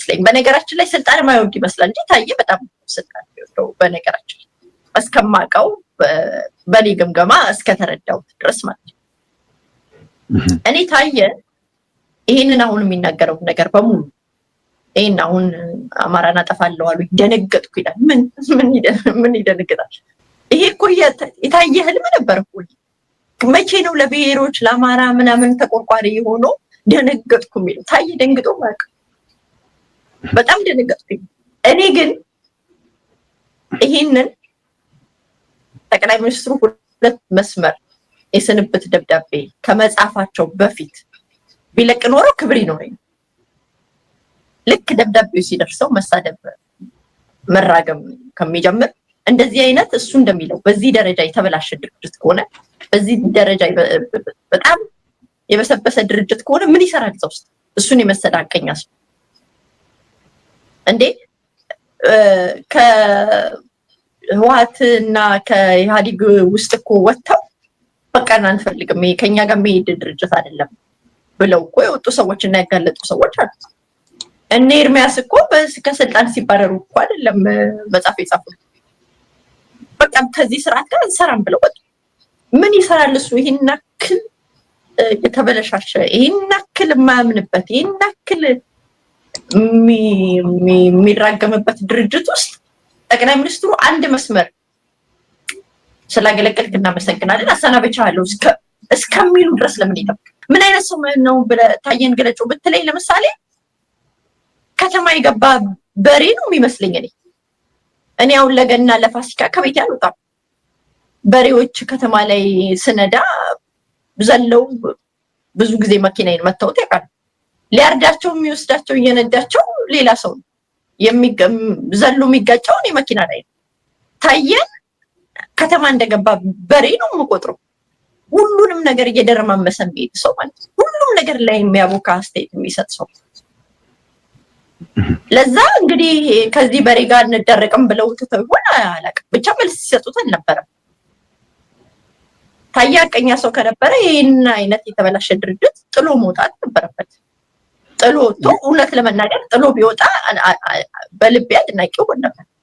አይመስለኝም። በነገራችን ላይ ስልጣን ማይወድ ይመስላል እንጂ ታዬ በጣም ስልጣን የሚወደው በነገራችን ላይ እስከማውቀው በኔ ግምገማ እስከተረዳሁት ድረስ ማለት ነው። እኔ ታየ ይህንን አሁን የሚናገረው ነገር በሙሉ ይህን አሁን አማራን አጠፋለሁ አሉ ይደነገጥኩ ይላል። ምን ይደነግጣል? ይሄ እኮ የታየ ህልም ነበር መቼ ነው ለብሔሮች ለአማራ ምናምን ተቆርቋሪ የሆነው ደነገጥኩ የሚለው ታየ ደንግጦ ማለት በጣም ደነገጥኩኝ። እኔ ግን ይሄንን ጠቅላይ ሚኒስትሩ ሁለት መስመር የስንብት ደብዳቤ ከመጻፋቸው በፊት ቢለቅ ኖሮ ክብር ይኖረኝ። ልክ ደብዳቤው ሲደርሰው መሳደብ መራገም ከሚጀምር እንደዚህ አይነት እሱ እንደሚለው በዚህ ደረጃ የተበላሸ ድርጅት ከሆነ በዚህ ደረጃ በጣም የበሰበሰ ድርጅት ከሆነ ምን ይሰራል እዛ ውስጥ? እሱን የመሰለ ሐቀኛ ሰው እንዴ ከህወሓትና ከኢህአዴግ ውስጥ እኮ ወጥተው በቃን አንፈልግም፣ ከኛ ጋር የሚሄድ ድርጅት አይደለም ብለው እኮ የወጡ ሰዎች እና ያጋለጡ ሰዎች አሉ። እነ ኤርሚያስ እኮ ከስልጣን ሲባረሩ እኮ አይደለም መጽሐፍ የጻፉት። በቃ ከዚህ ስርዓት ጋር እንሰራም ብለው ወጡ። ምን ይሰራል እሱ? ይህን ያክል የተበለሻሸ፣ ይህን ያክል የማያምንበት፣ ይህን ያክል የሚራገምበት ድርጅት ውስጥ ጠቅላይ ሚኒስትሩ አንድ መስመር ስላገለገልክ እናመሰግናለን አሰናበቻለሁ እስከሚሉ ድረስ ለምን ይጠብቅ? ምን አይነት ሰው ነው ብለህ ታየን ገለጨው ብትለኝ፣ ለምሳሌ ከተማ የገባ በሬ ነው የሚመስለኝ። እኔ እኔ አሁን ለገና ለፋሲካ ከቤት አልወጣም። በሬዎች ከተማ ላይ ስነዳ ዘለው ብዙ ጊዜ መኪናዬን መታወት ያውቃል። ሊያርዳቸው የሚወስዳቸው እየነዳቸው ሌላ ሰው ዘሎ የሚጋጨው እኔ መኪና ላይ ነው። ታየን ከተማ እንደገባ በሬ ነው የምቆጥረው። ሁሉንም ነገር እየደረማመሰ የሚሄድ ሰው ማለት ነው። ሁሉም ነገር ላይ የሚያቦካ አስተያየት የሚሰጥ ሰው። ለዛ እንግዲህ ከዚህ በሬ ጋር እንደረቅም ብለው ትተው ይሆን አላውቅም፣ ብቻ መልስ ሲሰጡት አልነበረም። ታያ ቀኛ ሰው ከነበረ ይህንን አይነት የተበላሸ ድርጅት ጥሎ መውጣት ነበረበት። ጥሎ እውነት ለመናገር ጥሎ ቢወጣ በልቤ አድናቂ ሆን ነበር።